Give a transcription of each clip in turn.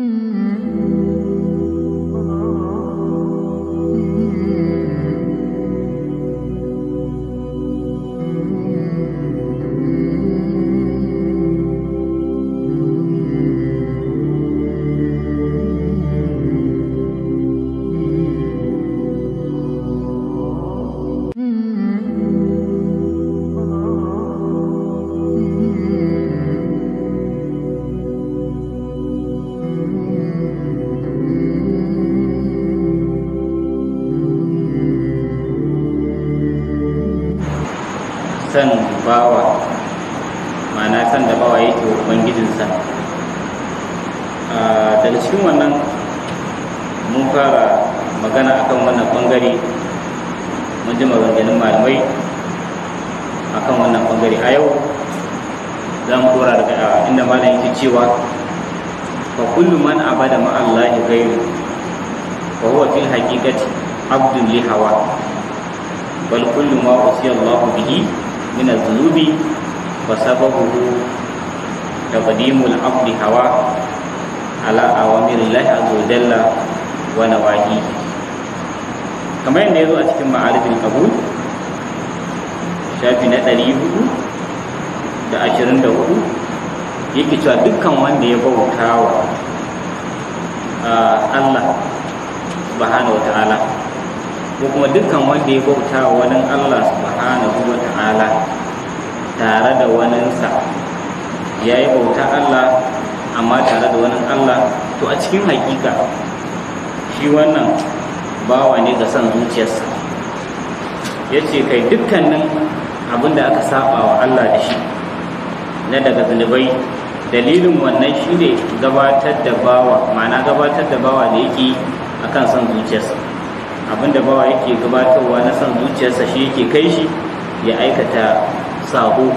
Mm-hmm. cikin haƙiƙa, shi wannan bawa ne ga son zuciyarsa ya ce kai dukkanin abin da aka saba wa Allah da shi na daga zunubai dalilin wannan shi ne gabatar da bawa ma'ana gabatar da bawa da yake a kan son zuciyarsa abin da bawa yake gabatarwa na son zuciyarsa shi yake kai shi ya aikata sabo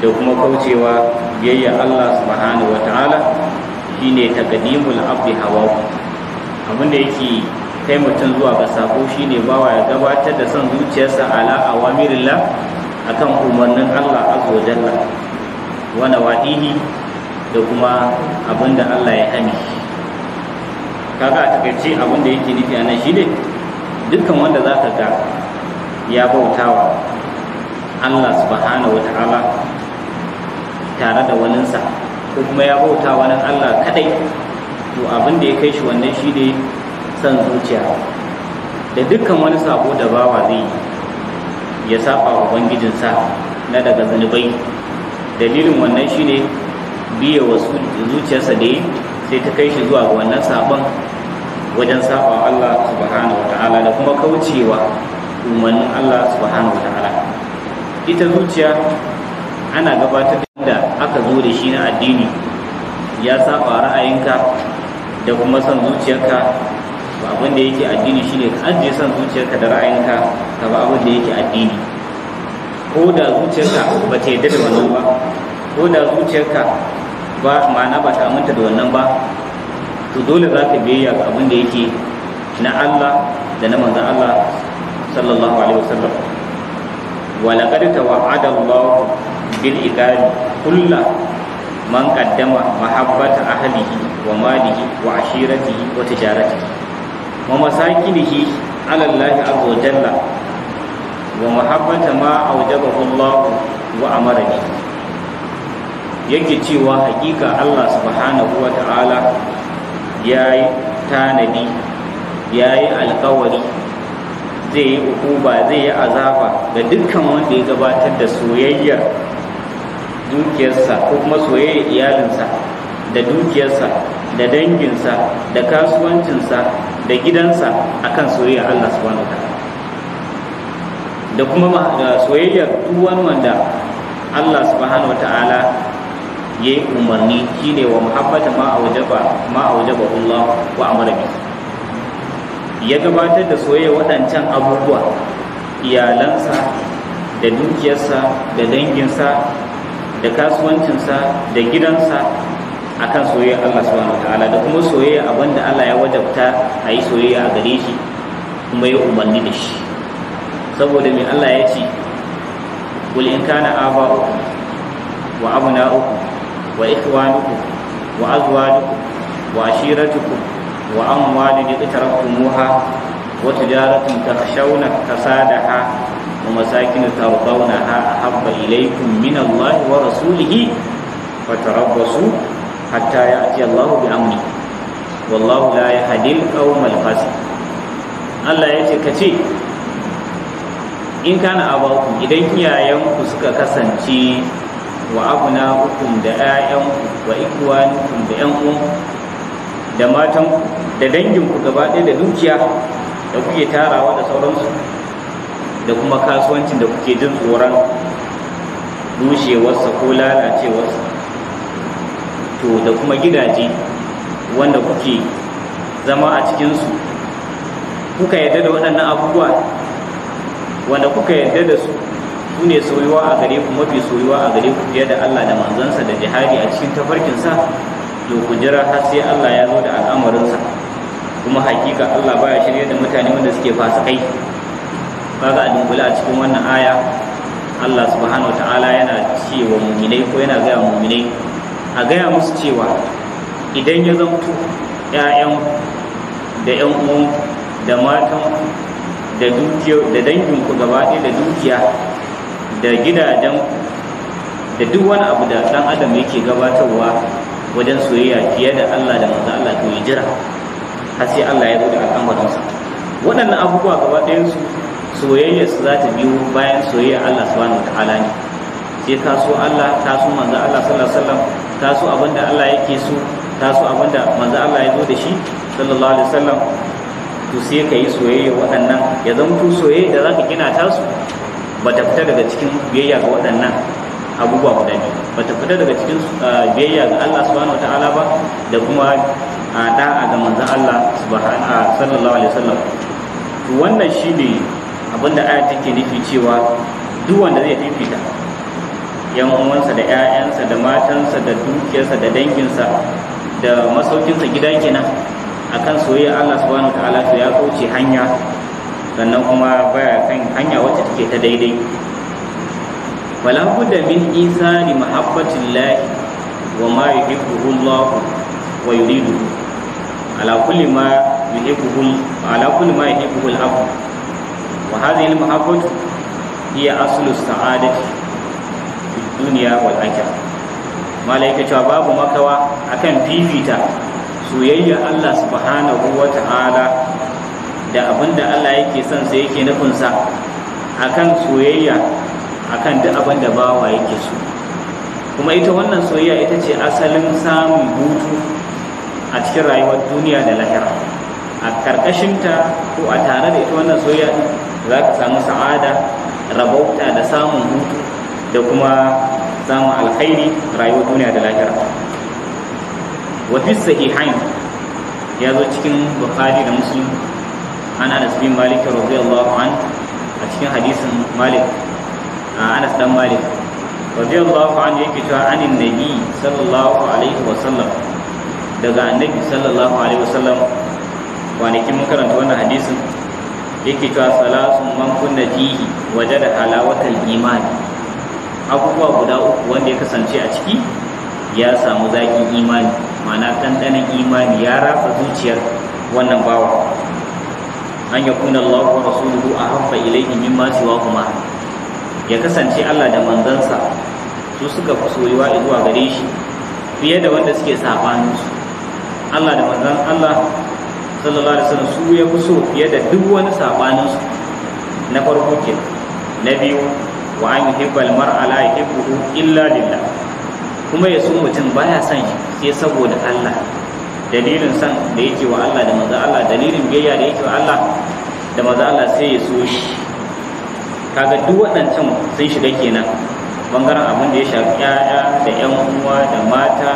da kuma kaucewa biyayya Allah subhanahu wa ta'ala shine taqdimul abdi hawa abin da yake kai mutum zuwa ga sako shine bawa ya gabatar da son zuciyarsa ala awamirillah akan umarnin Allah azza wa jalla wa nawahihi da kuma abin da Allah ya hani kaga a takaice abin da yake nufi a shi shine dukkan wanda za ka ga ya bautawa Allah subhanahu tare da waninsa ko kuma ya bauta wa nan Allah kadai to abin da ya kai shi wannan shi ne san zuciya da dukkan wani sabo da bawa zai ya saba wa ubangijinsa na daga zunubai dalilin wannan shi ne biya wa zuciyarsa da yi sai ta kai shi zuwa ga wannan sabon wajen saba Allah subhanahu wa ta'ala da kuma kaucewa umarnin Allah subhanahu wa ta'ala ita zuciya ana gabatar da aka zo da shi na addini ya saba ra'ayinka da kuma son zuciyarka ba abin da yake addini shine ka ajiye son zuciyarka da ra'ayinka ka ba abin da yake addini ko da zuciyarka ba ta yadda da wannan ba ko da zuciyarka ba ma'ana ba ta aminta da wannan ba to dole za ka biyayya ga abin da yake na Allah da na manzon Allah sallallahu alaihi wasallam wa laqad tawa'ada Allah bil iqali kulla man qaddama mahabbata ahlihi wa malihi wa ashiratihi wa tijaratihi wa masakinihi ala Allah azza wa jalla wa mahabbata ma awjabahu Allah wa amara bihi yake cewa hakika Allah subhanahu wa ta'ala yayi tanadi yayi alkawari zai yi hukuma zai yi azaba ga dukkan wanda ya gabatar da soyayyar dukiyarsa ko kuma soyayyar iyalinsa da dukiyarsa da danginsa da kasuwancinsa da gidansa akan soyayya Allah subhanahu wa da kuma soyayyar duk wani wanda Allah subhanahu ta'ala ya yi umarni shine wa muhabbata ma aujaba ma aujaba Allah wa amara ya gabatar da soyayya waɗancan abubuwa iyalansa da dukiyarsa da danginsa da kasuwancinsa da gidansa a kan soyayya Allah subhanahu wataala da kuma soyayya abin da Allah ya wajabta a yi soyayya a gare shi kuma ya umarni da shi saboda mai Allah ya ce قل إن كان آباؤكم وأبناؤكم وإخوانكم وأزواجكم وعشيرتكم وأموال اقترفتموها وتجارة تخشون كسادها ومساكن ترضونها أحب إليكم من الله ورسوله فتربصوا حتى ya الله بأمره والله لا يهدي القوم الفاسق الله يتكتي in kana abaku idan iyayenku suka kasance wa abuna hukum da 'ya'yanku wa ikwanukum da 'yan da matanku da danginku gaba ɗaya da dukiya da kuke tarawa da sauransu da kuma kasuwancin da kuke jin tsoron rushewarsa ko lalacewarsa to da kuma gidaje wanda kuke zama a cikinsu kuka yarda da waɗannan abubuwa wanda kuka yarda da su su ne soyuwa a gare ku mafi soyuwa a gare ku fiye da Allah da manzansa da jihadi a cikin tafarkinsa to ku jira har sai Allah ya zo da al'amarinsa kuma hakika Allah baya shirye da mutane wanda suke fasikai kaga a dunkule a cikin wannan aya Allah subhanahu ta'ala yana cewa muminai ko yana gaya muminai a gaya musu cewa idan ya zamto ‘ya'yan da ƴan uwan da matan da da danginku gaba ɗaya da dukiya da gidajen da duk wani abu da ɗan adam yake gabatarwa wajen soyayya fiye da Allah da manzo Allah to ya jira har sai Allah ya zo da al'amarinsa waɗannan abubuwa gaba ɗayansu soyayya su za ta biyo bayan soyayya Allah subhanahu ta'ala ne sai ka so Allah ka so manzo Allah sallallahu alaihi wasallam ka so abinda Allah yake so ka so abinda manzo Allah ya zo da shi sallallahu alaihi wasallam to sai ka yi soyayya waɗannan ya zama to soyayya da za ka gina ta su ba ta fita daga cikin biyayya ga waɗannan abubuwa guda biyu ba ta fita daga cikin ah, biyayya ga Allah subhanahu ta'ala ba da kuma a da'a ga manzon Allah sallallahu alaihi wasallam to wannan shine abinda aya take nufi cewa duk wanda zai fifita yan uwansa da 'ya'yansa da matansa da dukiyarsa da danginsa da masaukinsa gida kenan akan soyayya Allah subhanahu ta'ala to ya kauce hanya sannan kuma baya kan hanya wacce take ta daidai wala budda min isani mahabbatillahi wa ma yuhibbuhu Allah wa yuridu ala kulli ma yuhibbuhu ala kulli ma yuhibbuhu al-abd wa hadhihi al mahabbah hiya aslu sa'adati fid dunya wal akhirah malaika cewa babu makawa akan fifita soyayya Allah subhanahu wa ta'ala da abinda Allah yake son sai yake nufin sa akan soyayya akan duk abin da bawa yake so kuma ita wannan soyayya ita ce asalin samun hutu a cikin rayuwar duniya da lahira a ƙarƙashinta ko a tare da ita wannan soyayya za ka samu sa'ada rabauta da samun hutu da kuma samun alkhairi rayuwar duniya da lahira wafi sahihain ya zo cikin bukhari da muslim an anas bin malik radiyallahu an a cikin hadisin malik a anas dan malik radiyallahu an yake cewa anin nabi sallallahu alaihi wa sallam daga annabi sallallahu alaihi wasallam kwanakin mun karanta wannan hadisin yake cewa salasun man kunna fihi wajada halawatal iman abubuwa guda uku wanda ya kasance a ciki ya samu zaƙin imani ma'ana ɗanɗanon imani ya rafa zuciyar wannan bawa an ya kuna Allah wa rasuluhu a haffa ilaihi mimma siwa kuma ya kasance Allah da manzansa su suka fi soyuwa zuwa gare shi fiye da wanda suke su Allah da manzan Allah sallallahu alaihi wasallam su ya fi so fiye da duk wani sabanin su na farko ke na biyu wa an yuhibbal mar'a la yuhibbuhu illa lillah kuma ya so mutum baya son shi sai saboda Allah dalilin san da yake wa Allah da manzan Allah dalilin biyayya da yake wa Allah da manzan Allah sai ya so shi kaga duk waɗancan sun shiga kenan bangaren abin da ya shafi 'ya'ya da 'yan uwa da mata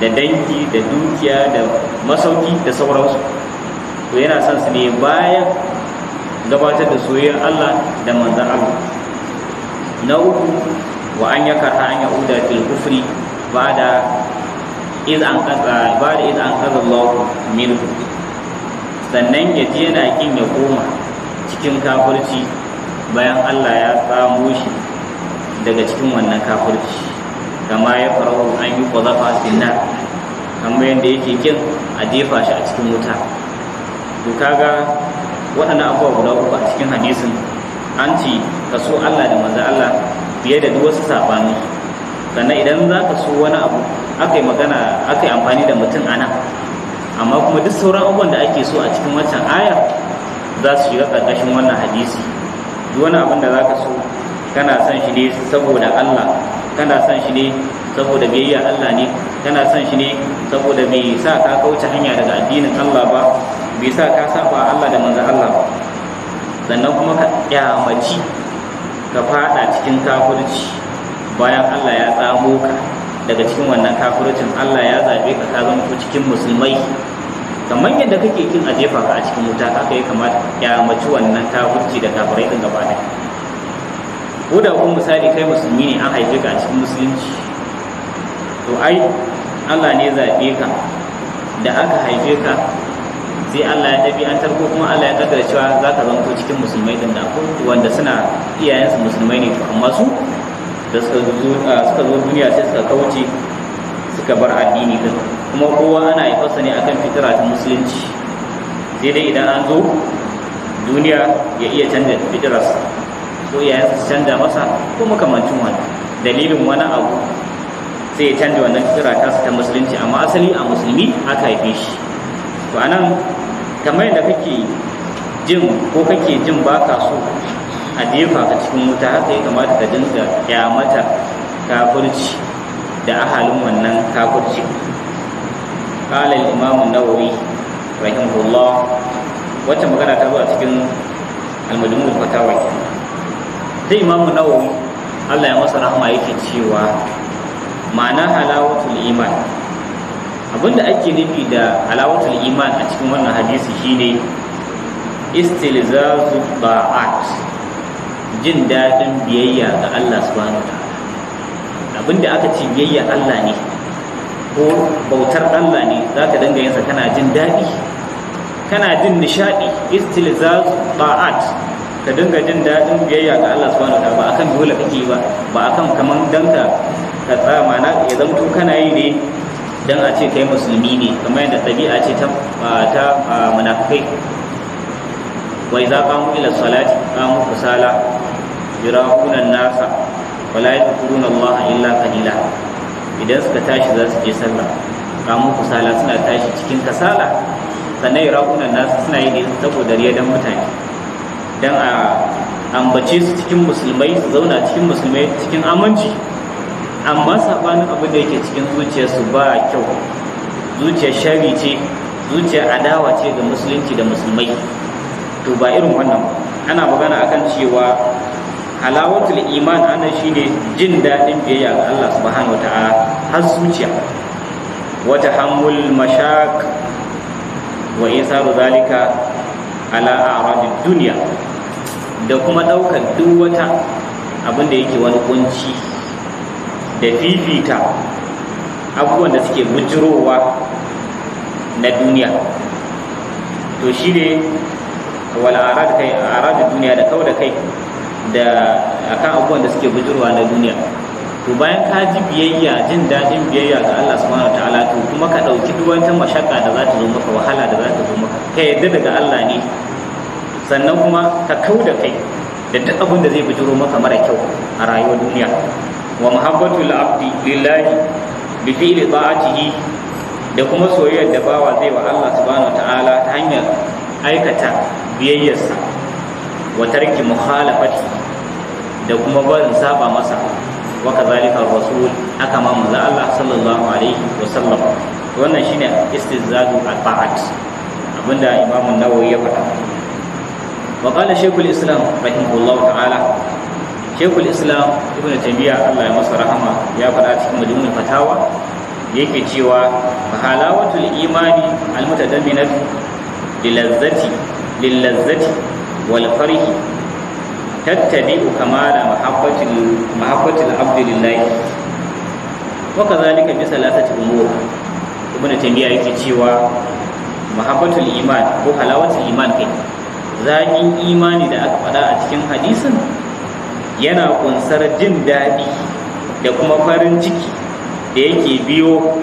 da danki da dukiya da masauki da sauransu to yana son su ne bayan gabatar da soyayyar Allah da manzan Allah na uku wa an yaka ta an fil kufri ba da iz an kaza ba da iz an kaza Allah sannan ya je yana kin ya koma cikin kafirci bayan Allah ya samu shi daga cikin wannan kafirci kama ya farahu an yi kwazafa finna kamar yadda yake kin a jefa shi a cikin wuta to kaga waɗannan abubuwa guda uku a cikin hadisin an ci ka so Allah da manzo Allah fiye da duk wasu sabani sannan idan za ka so wani abu aka yi magana aka yi amfani da mutum ana amma kuma duk sauran abubuwan da ake so a cikin wancan aya za su shiga ƙarƙashin wannan hadisi duk wani abin da za ka so kana son shi ne saboda Allah kana son shi ne saboda biyayya Allah ne kana son shi ne saboda bai sa ka kauce hanya daga addinin Allah ba bai sa ka saba Allah da manzon Allah ba sannan kuma ka kyamaci ka fada cikin kafirci bayan Allah ya tsamo ka daga cikin wannan kafircin Allah ya zabe ka ka zama cikin musulmai kamar yadda kake kin a ka a cikin wuta haka ya kamata kyamaci wannan kafirci da kafirai din gaba ɗaya ko da kun misali kai musulmi ne an haife ka a cikin musulunci to ai Allah ne zaɓe ka da aka haife ka sai Allah ya an tarko kuma Allah ya kaddara cewa za ka zanto cikin musulmai din nan wanda suna iyayensu musulmai ne to amma su da suka zo duniya sai suka kauce suka bar addini din kuma kowa ana haifarsa ne akan fitira ta musulunci sai dai idan an zo duniya ya iya canza fitirarsa ko ya su canza masa ko makamancin wani dalilin wani abu sai ya canza wannan kira ta ta musulunci amma asali a musulmi aka haife shi to anan kamar yadda kake jin ko kake jin baka so a jefa ka cikin wuta haka ya kamata ka dinga mata kafurci da ahalin wannan kafurci qala al-imam an-nawawi rahimahullah wacce magana ta zuwa cikin al-majmu' da imamu nawawi Allah ya masa rahama yake cewa ma'ana halawatul iman abinda ake nufi da halawatul iman a cikin wannan hadisi shine istilzazu ba'at jin dadin biyayya ga Allah subhanahu wa ta'ala abinda aka ce biyayya Allah ne ko bautar Allah ne za ka dinga yinsa kana jin daɗi kana jin nishaɗi istilzazu ba'at ka dinga jin daɗin biyayya ga Allah subhanahu wataala ba akan dole kake yi ba ba akan kaman dan ka tsama na ya zamto kana yi ne dan a ce kai musulmi ne kamar yadda ɗabi'a ce ta ta munafikai wa idza qamu ila salati qamu kusala yurauna nasa wa la yadhkuruna Allah illa qalila idan suka tashi za su je sallah kamun kusala suna tashi cikin kasala sannan yurahuna an-nasa suna yi ne saboda riyadan mutane Idan a ambace su cikin musulmai su zauna cikin musulmai cikin aminci amma sabanin abin da yake cikin zuciyarsu ba kyau zuciyar shari ce zuciyar adawa ce ga musulunci da musulmai to ba irin wannan ana magana akan cewa halawatul iman anan shine jin daɗin biyayya ga Allah subhanahu wata'ala har zuciya wa tahammul mashaq wa isaru zalika ala a'radid dunya da kuma ɗaukar duk wata abin yake wani kunci da fifita abubuwan da suke bujirowa na duniya to shi ne wal arad duniya da kawo da kai da akan abubuwan da suke bujirowa na duniya to bayan ka ji biyayya jin daɗin biyayya ga Allah subhanahu Ta'ala to kuma ka ɗauki duk wata mashakka da za ta zo maka wahala da za ta zo maka ka yarda daga Allah ne sannan kuma ka kau da kai da duk abin da zai bijiro maka mara kyau a rayuwar duniya wa muhabbatul abdi lillahi bi fi'li ta'atihi da kuma soyayyar da bawa zai wa Allah subhanahu ta'ala ta hanyar aikata biyayyarsa wa tarki mukhalafati da kuma barin saba masa wa kazalika rasul aka ma manzo Allah sallallahu alaihi wa sallam wannan shine istizadu al-ba'at abinda imamu nawawi ya faɗa وقال شيخ الإسلام رحمه الله تعالى شيخ الإسلام ابن تيمية الله يمسى رحمه يا فرات مجموع فتاوى yake cewa halawatul imani almutadamminat lilazzati lilazzati wal farhi tattabi'u kamala mahabbatil mahabbatil abdi lillah wa kadhalika bi salasati umur ibn taymiya yake cewa mahabbatul iman ko halawatul iman zaƙin imani da aka faɗa a cikin hadisin yana kunsar jin daɗi da kuma farin ciki da yake biyo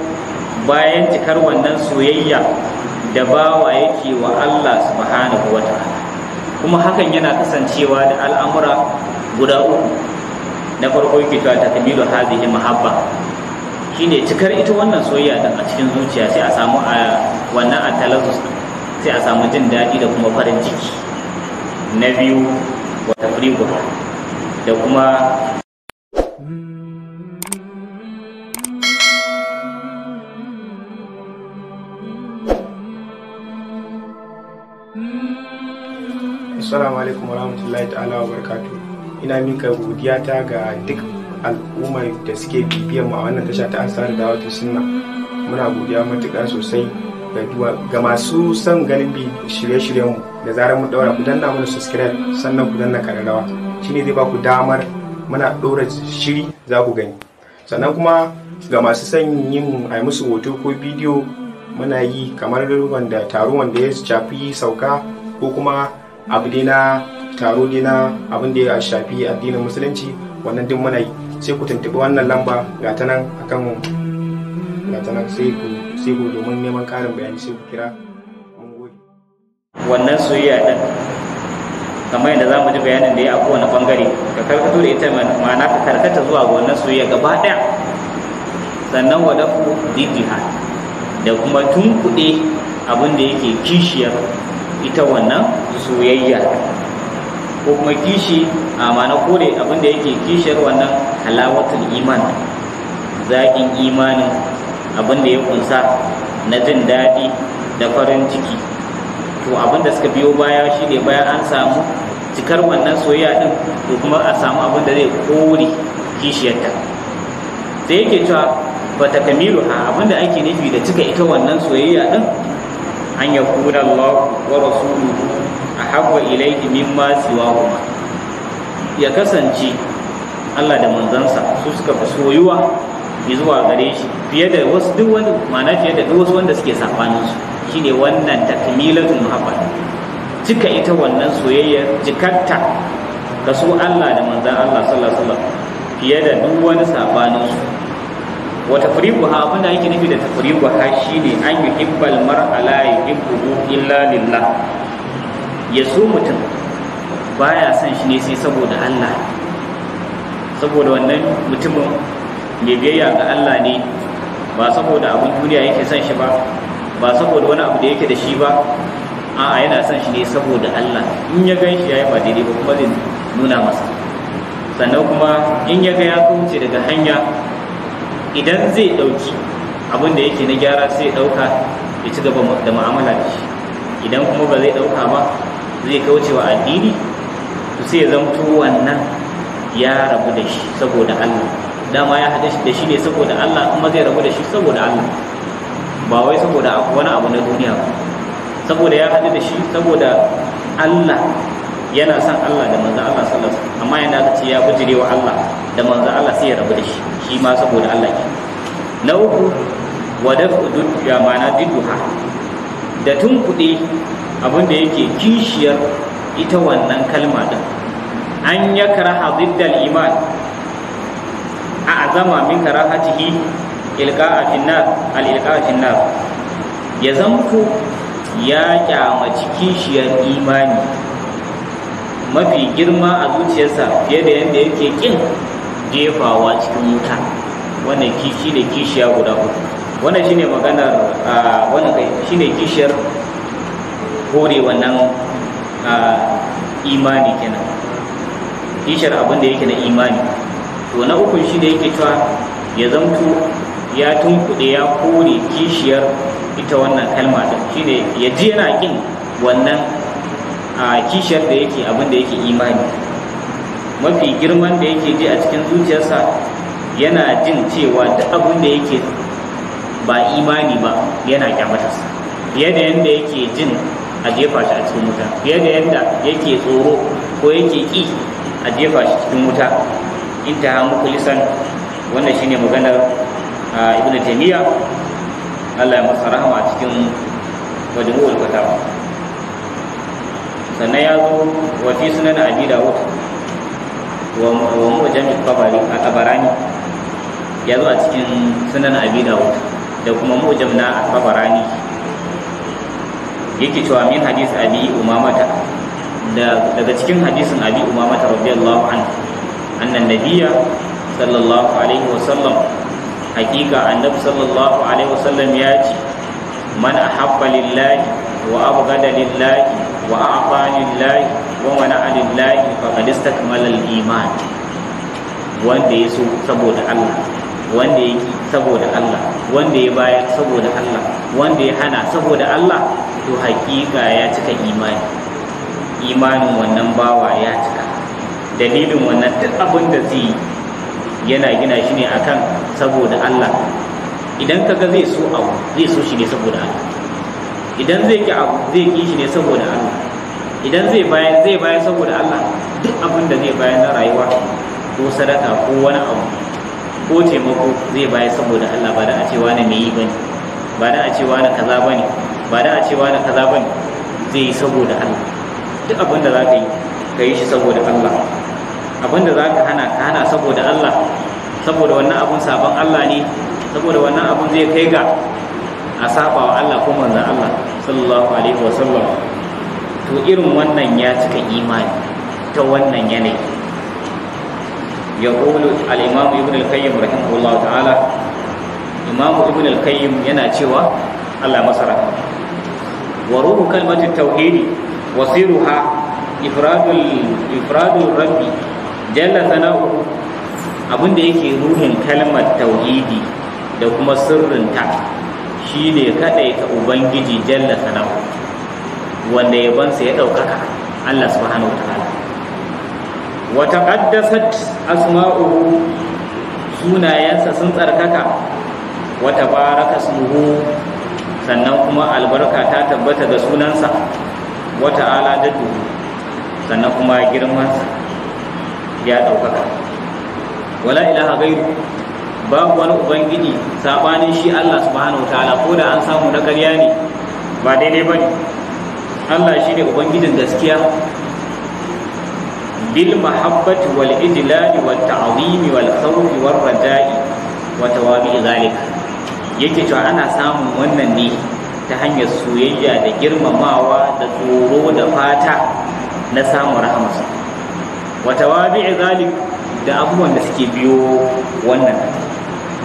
bayan cikar wannan soyayya da bawa yake wa Allah subhanahu wa ta'ala kuma hakan yana kasancewa da al'amura guda uku na farko yake cewa takmilu hazihi mahabba shine cikar ita wannan soyayya da a cikin zuciya sai a samu a wannan atalazus sai a samu jin daɗi da kuma farin ciki na biyu wata tafriqu da kuma Assalamu alaikum rahmatullahi ta'ala wa barkatu ina mika godiya ga duk al'ummar da suke bibiyar mu a wannan tasha ta ansar da wata sunna muna godiya matuƙa sosai ga masu son ganin bi shirye-shiryenmu da zarar mu daura ku danna mana subscribe sannan ku danna kararrawa shine zai ba ku damar muna ɗora shiri za ku gani sannan kuma ga masu son yin a musu hoto ko bidiyo muna yi kamar wanda taro wanda ya shafi sauka ko kuma abu dai na taro dai na abin da ya shafi addinin musulunci wannan duk muna yi sai ku tuntuɓi wannan lamba ga ta nan akan ga ta nan sai ku sai ku domin neman karin bayani sai ku kira wannan soyayya din kamar yadda za mu ji bayanin da ya akwai wani bangare ka karkato da ita ma'ana ka karkata zuwa ga wannan soyayya gaba ɗaya sannan wadafu didiha da kuma tunkuɗe abin da yake kishiyar ita wannan soyayya ko kuma kishi a mana kore abin da yake kishiyar wannan halawatul iman zaƙin imanin abin da ya kunsa na jin daɗi da farin ciki to abin da suka biyo baya shi shine bayan an samu cikar wannan soyayya din to kuma a samu abin da zai kori kishiyarta sai yake cewa ba ta kamilu ha abin da ake nufi da cika ita wannan soyayya din an ya kura Allah wa rasuluhu a haɓa ilaihi mimma siwa ya kasance Allah da manzansa su suka fi soyuwa zuwa gare shi fiye da wasu duk wani ma'ana fiye da wasu wanda suke sabanin su shine wannan takmilatul muhabba cika ita wannan soyayyar jikatta ga su Allah da manzon Allah sallallahu alaihi wasallam fiye da duk wani sabanin su wa tafriqu ha abinda yake nufi da tafriqu ha shine an yi mar'a la yuhibbu illa lillah ya so mutum baya son shi ne sai saboda Allah saboda wannan mutumin mai biyayya ga Allah ne ba saboda abin duniya yake son shi ba ba saboda wani abu da yake da shi ba a'a yana son shi ne saboda Allah in ya gan shi yi ba daidai ba kuma zai nuna masa sannan kuma in ya ga ya kauce daga hanya idan zai ɗauki abin da yake na gyara sai ɗauka ya ci gaba da mu'amala da shi idan kuma ba zai ɗauka ba zai kauce wa addini to sai ya zamto wannan ya rabu da shi saboda Allah dama ya haɗe da shi ne saboda Allah kuma zai rabu da shi saboda Allah ba wai saboda wani abu na duniya ba saboda ya haɗe da shi saboda Allah yana son Allah da manzo Allah sallallahu alaihi amma yana da ce ya bujire wa Allah da manzo Allah sai ya rabu da shi shi ma saboda Allah ke na uku wa daf'u ya ma'ana diduha da tunkuɗe abin da yake kishiyar ita wannan kalma din an yakra hadiddal iman a'zama min karahatihi ilqa'a finnar al ilqa'a finnar ya zanku ya kyamaci kishiyar imani mafi girma a zuciyarsa fiye da yadda yake kin jefawa cikin wuta wannan kishi da kishiya guda hudu wannan shine maganar wannan kai shine kishiyar kore wannan imani kenan kishiyar abin da yake na imani to na ukun shi da yake cewa ya zamto ya tunkuɗe ya kore kishiyar ita wannan kalma da shi ne ya ji yana ƙin wannan a kishiyar da yake abin da yake imani mafi girman da yake ji a cikin zuciyarsa yana jin cewa duk abin da yake ba imani ba yana kyamatarsa fiye da yadda yake jin a jefa shi a cikin wuta fiye da yadda yake tsoro ko yake ƙi a jefa shi cikin wuta intaha lisan wannan shine maganar ibnu taymiya Allah ya masa rahama a cikin majmu'ul fatawa sannan ya zo wa fi sunan abi dawud wa mu'jam al-tabari a tabarani ya zo a cikin sunan abi dawud da kuma mu na al-tabarani yake cewa min hadis abi umamata daga cikin hadisin abi umamata radiyallahu anhu annan nabiyya sallallahu alaihi wasallam hakika annabi sallallahu alaihi wasallam ya ce man ahabba lillahi wa abghada lillahi wa a'ta lillahi wa mana'a lillahi faqad istakmala al-iman wanda ya so saboda Allah wanda ya ki saboda Allah wanda ya baya saboda Allah wanda ya hana saboda Allah to hakika ya cika imani imanin wannan bawa ya cika dalilin wannan duk abin da zai yana gina shi ne akan saboda Allah idan kaga zai so abu zai so shi ne saboda Allah idan zai ki abu zai ki shi ne saboda Allah idan zai bayan zai bayan saboda Allah duk abin da zai bayan na rayuwa ko sadaka ko wani abu ko taimako zai bayan saboda Allah ba da a cewa na me yi bane ba da a cewa na kaza bane ba da a cewa na kaza bane zai yi saboda Allah duk abin da za ka yi ka yi shi saboda Allah abinda za ka hana ka hana saboda Allah saboda wannan abun sabon Allah ne saboda wannan abun zai kai ga a saba wa Allah ko manzan Allah sallallahu alaihi wasallam to irin wannan ya cika imani ta wannan yanayi يقول الإمام ابن القيم رحمه الله تعالى إمام ابن yana cewa, Allah masara. وروح كلمة التوحيد وصيرها إفراد ifradul rabbi jalla sana abin yake ruhin kalmar tauhidi da kuma sirrinta shine ta ubangiji jalla sana wanda yabansa ya ɗaukaka Allah subhanahu wa wa taqaddasat asma'uhu sunayensa sun tsarkaka wa tabaraka ismuhu sannan kuma albarka ta tabbata ga sunansa wa ta'ala dadu sannan kuma girmansa ya ɗaukaka wala ilaha gairu babu wani ubangiji saɓanin shi Allah subhanahu ta'ala ko da an samu na ƙarya ne ba daidai ba ne Allah shi ne ubangijin gaskiya bil mahabbati wal ijlali wat ta'zimi wal khawfi war raja'i wa tawabi zalika yake cewa ana samun wannan ne ta hanyar soyayya da girmamawa da tsoro da fata na samun rahamarsa wa tawabi'i zalik da abubuwan da suke biyo wannan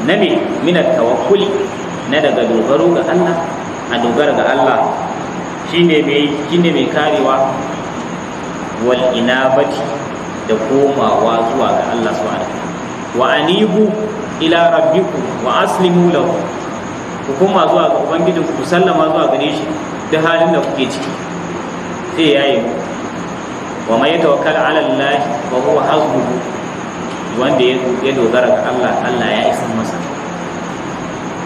na me min tawakkuli na daga dogaro ga Allah a dogara ga Allah shine mai mai karewa wal inabati da komawa zuwa ga Allah subhanahu wa anibu ila rabbikum wa aslimu lahu ku koma zuwa ga ubangijinku ku sallama zuwa gare shi da halin da kuke ciki sai yayi mu. wa mai tawakkal ala Allah wa huwa hasbuhu wanda ya dogara ga Allah Allah ya isa masa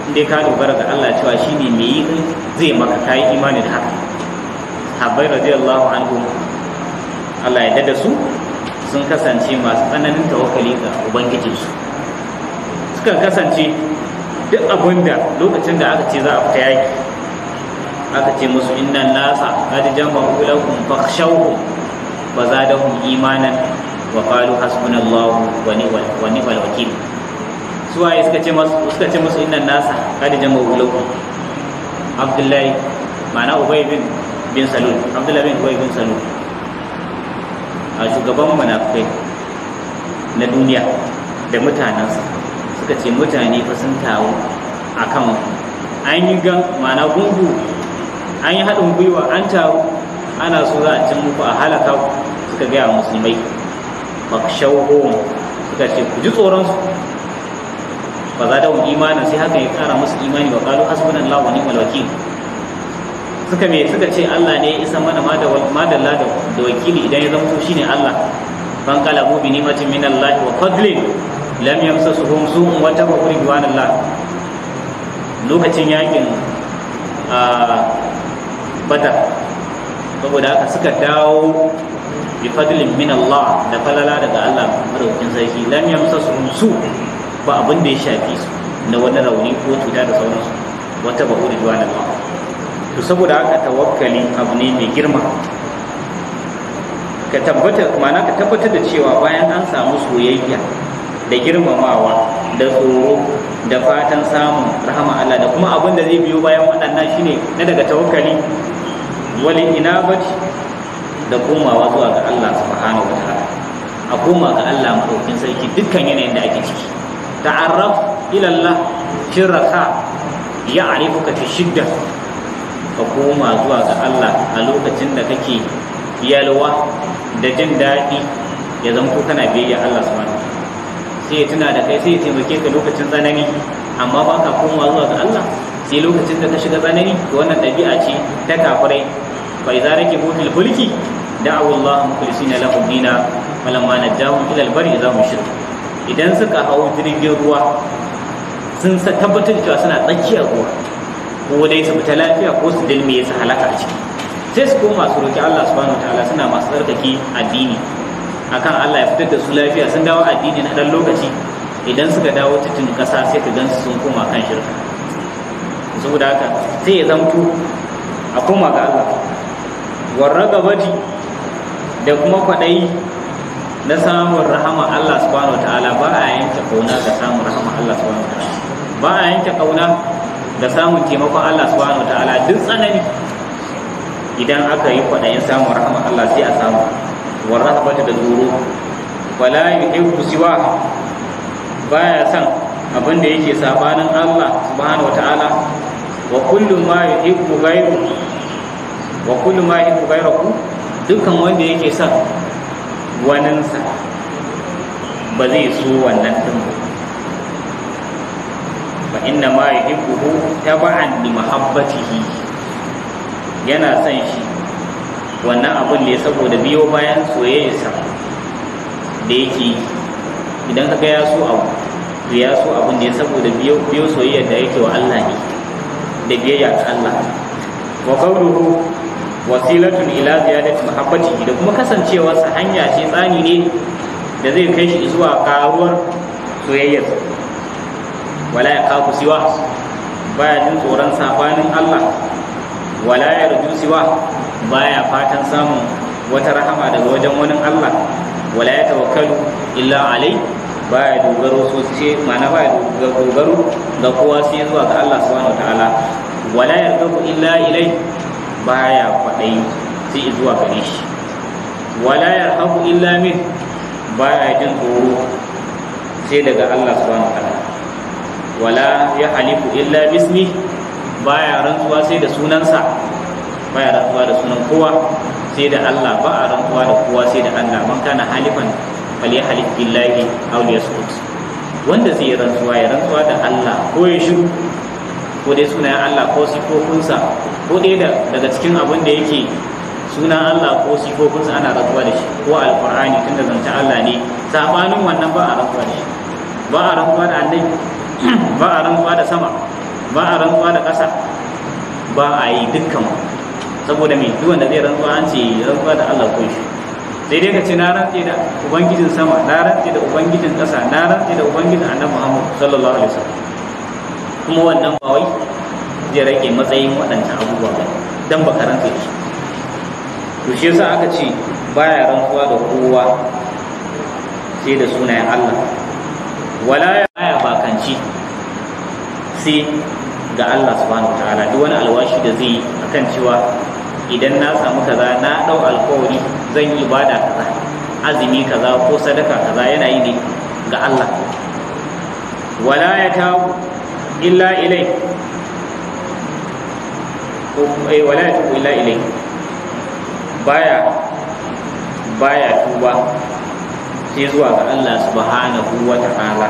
inda ka dogara ga Allah cewa shine me yi zai maka kai imani da haka habbai radiyallahu anhu Allah ya dada su sun kasance masu tsananin tawakkali ga su suka kasance duk abinda lokacin da aka ce za a fita yaki aka ce musu inna nasa qad jama'u lakum fakhshawhum wa zadahum imanan wa qalu hasbunallahu wa ni'mal wa ni'mal wakil suwaye suka ce masu suka ce musu innan nasa kada jama'u lakum abdullahi ma'ana ubay bin bin salul abdullahi bin ubay bin salul a shugaban munafikai na duniya da mutanensa suka ce mutane fa sun tawo akan an yi gan ma'ana gungu an yi haɗin gwiwa an taru ana so za a cin muku a halaka suka gaya wa musulmai makshawhum suka ce ku ji tsoron su fa zadahum imanin, sai haka ya kara musu imani wa kalu hasbunallahu wa ni'mal wakil suka me suka ce Allah ne ya isa mana ma da madalla da wakili idan ya zama shine Allah ban kalabu bi ni'matin min Allah wa fadlin lam yamsasuhum su'un wa tabahu Allah lokacin yakin a ah, bata saboda haka suka dawo bi fadlin min Allah da falala daga Allah madaukakin sarki lam musa su ba abin da ya shafi su na wani rauni ko cuta da sauransu wata ba hudu duwa to saboda haka tawakkali abu ne mai girma ka tabbata ma'ana ka tabbatar da cewa bayan an samu soyayya da girmamawa da tsoro da fatan samun rahama Allah da kuma abin da zai biyo bayan waɗannan shine na daga tawakkali wal inabati da komawa zuwa ga Allah subhanahu wa ta'ala a koma ga Allah madaukin sarki dukkan yanayin da ake ciki ta'arraf ila Allah ya raha fi shidda ka koma zuwa ga Allah a lokacin da kake yalwa da jin daɗi ya zanto kana biyayya Allah subhanahu sai ya tuna da kai sai ya taimake ka lokacin tsanani amma ba ka koma zuwa ga Allah sai lokacin da ka shiga tsanani wannan ɗabi'a ce ta kafirai bai zarake mutul fulki da'awu Allah mukhlisina lahu dina falamma najahum ila albari idza hum shirk idan suka hau jirgin ruwa sun sa tabbatar cewa suna tsakiyar ruwa ko dai su fita lafiya ko su dilme su halaka a ciki sai su koma su roki Allah subhanahu wataala suna masu tsarkake addini akan Allah ya fitar da su lafiya sun dawo addini na dan lokaci idan suka dawo cikin kasa sai ka gansu sun koma kan shirka saboda haka sai ya zamto a koma ga Allah warragabati da kuma kwaɗayi na samun rahama Allah subhanahu ta'ala ba a yanke kauna da samun rahama Allah subhanahu ta'ala ba a yanke kauna da samun taimakon Allah subhanahu ta'ala duk tsanani idan aka yi kwaɗayin samun rahama Allah sai a samu bata da zuru wala yuhibbu siwa baya san abin da yake sabanin Allah subhanahu ta'ala wa kullu ma yuhibbu ghayru wa kullu ma yuhibbu ghayruhu dukkan wanda yake son waninsa ba zai so wannan ɗin ba inna ma ya hibbuhu taba'an li mahabbatihi yana son shi wannan abin ne saboda biyo bayan soyayyarsa da yake idan ka ya so abu to ya so abin ne saboda biyo biyo soyayyar da yake wa Allah ne da biyayya ta Allah wa kauluhu wasilatun ila ziyadat mahabbati da kuma kasancewar sa hanya ce tsani ne da zai kai shi zuwa karuwar soyayyar wala ya kafu siwa baya jin tsoron sabanin Allah wala ya ruju siwa baya fatan samun wata rahama daga wajen wani Allah wala ya tawakkalu illa alai baya dogaro sosai ma'ana baya dogaro ga kowa sai zuwa ga Allah subhanahu wataala wala yarqabu illa ilai baya kwaɗayi sai zuwa gare shi wala ya haku illa min baya jin tsoro sai daga Allah subhanahu ta'ala wala ya halifu illa bismi baya rantsuwa sai da sunansa baya rantsuwa da sunan kowa sai da Allah ba a rantsuwa da kowa sai da Allah man kana halifan ya halif billahi aw liyasut wanda zai rantsuwa ya rantsuwa da Allah ko ya shiru ko dai sunayen Allah ko sifofinsa ko dai daga cikin abin da yake sunan Allah ko sifofinsa ana rabuwa da shi ko tun da zance Allah ne sabanin wannan ba a rabuwa da shi ba a rabuwa da annabi ba a rabuwa da sama ba a rabuwa da ƙasa ba a yi dukkan saboda mai duk wanda zai rantsuwa an ce rantsuwa da Allah ko shi sai dai ka ce na rantse da ubangijin sama na rantse da ubangijin ƙasa na rantse da ubangijin annabi Muhammad sallallahu alaihi wasallam kuma wannan ba wai zai rage matsayin waɗancan abubuwa ba don ba karanta shi to shi yasa aka ce baya rantsuwa da kowa sai da sunayen Allah wala ya bakanci sai ga Allah subhanahu ta'ala duk wani alwashi da zai akan cewa idan na samu kaza na dau alkawari zan yi bada kaza azumi kaza ko sadaka kaza yana yi ne ga Allah wala ya kawo. illa ilai ko eh wala yatubu illa ilai baya baya tuba sai zuwa ga Allah subhanahu wa ta'ala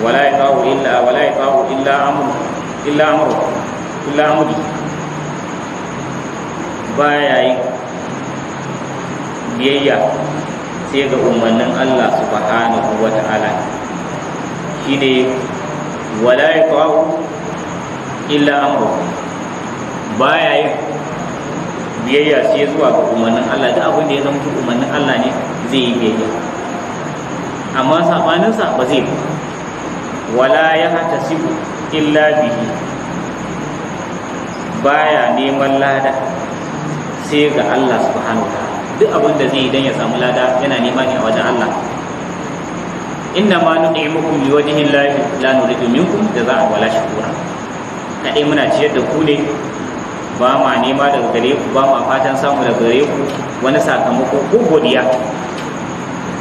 wala yaqau illa wala yaqau illa amru illa amru illa amri baya yi biyayya sai ga umarnin Allah subhanahu wa ta'ala shine wala ya kawo illa amru baya yin biyayya sai zuwa ga umarnin Allah da abin da ya zama umarnin Allah ne zai yi biyayya amma sabaninsa ba zai ba wala ya hata siku illa bihi baya neman lada sai ga Allah subhanahu wa ta'ala duk abin da zai yi don ya samu lada yana nema ne a wajen Allah inna ma nud'imukum liwajhi llahi la nuridu minkum jazaa'a wala shukura kadai muna ciyar da ku ne ba ma nema daga gare ku ba ma fatan samu daga gare ku wani sakamako ko godiya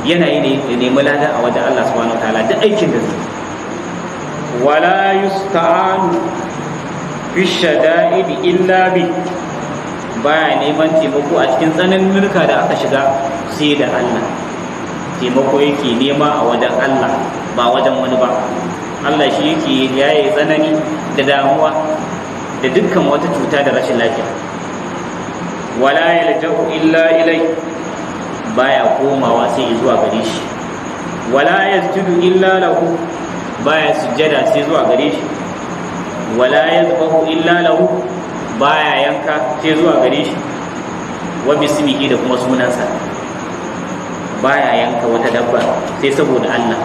yana yi da nemi lada a wajen Allah subhanahu wataala duk aikin da zai wala yusta'anu fi shada'idi illa bi baya neman taimako a cikin tsananin da aka shiga sai da Allah taimako yake nema a wajen Allah ba wajen wani ba Allah shi yake yaye tsanani da damuwa da dukkan wata cuta da rashin lafiya wala yalja'u illa ilai baya komawa sai zuwa gare shi wala yasjudu illa lahu baya sujjada sai zuwa gare shi wala yadhbahu illa lahu baya yanka sai zuwa gare shi wa bismihi da kuma sunansa baya yanka wata dabba sai saboda Allah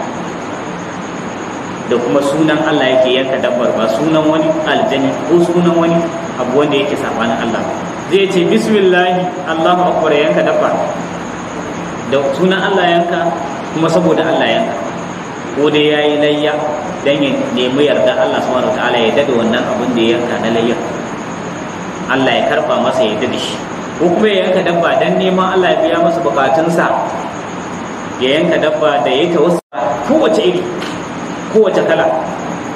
da kuma sunan Allah yake yanka dabbar ba sunan wani aljani ko sunan wani abu wanda yake sabanin Allah zai ce bismillah Allahu akbar yanka dabba da sunan Allah yanka kuma saboda Allah yanka ko dai yayi layya dan ya nemi yarda Allah subhanahu wataala ya dade wannan abin da ya yanka na layya Allah ya karba masa ya dade shi ko kuma yanka dabba dan neman Allah ya biya masa bukatunsa ya yanka dabba da ya yi tawassuli kowace iri kowace kala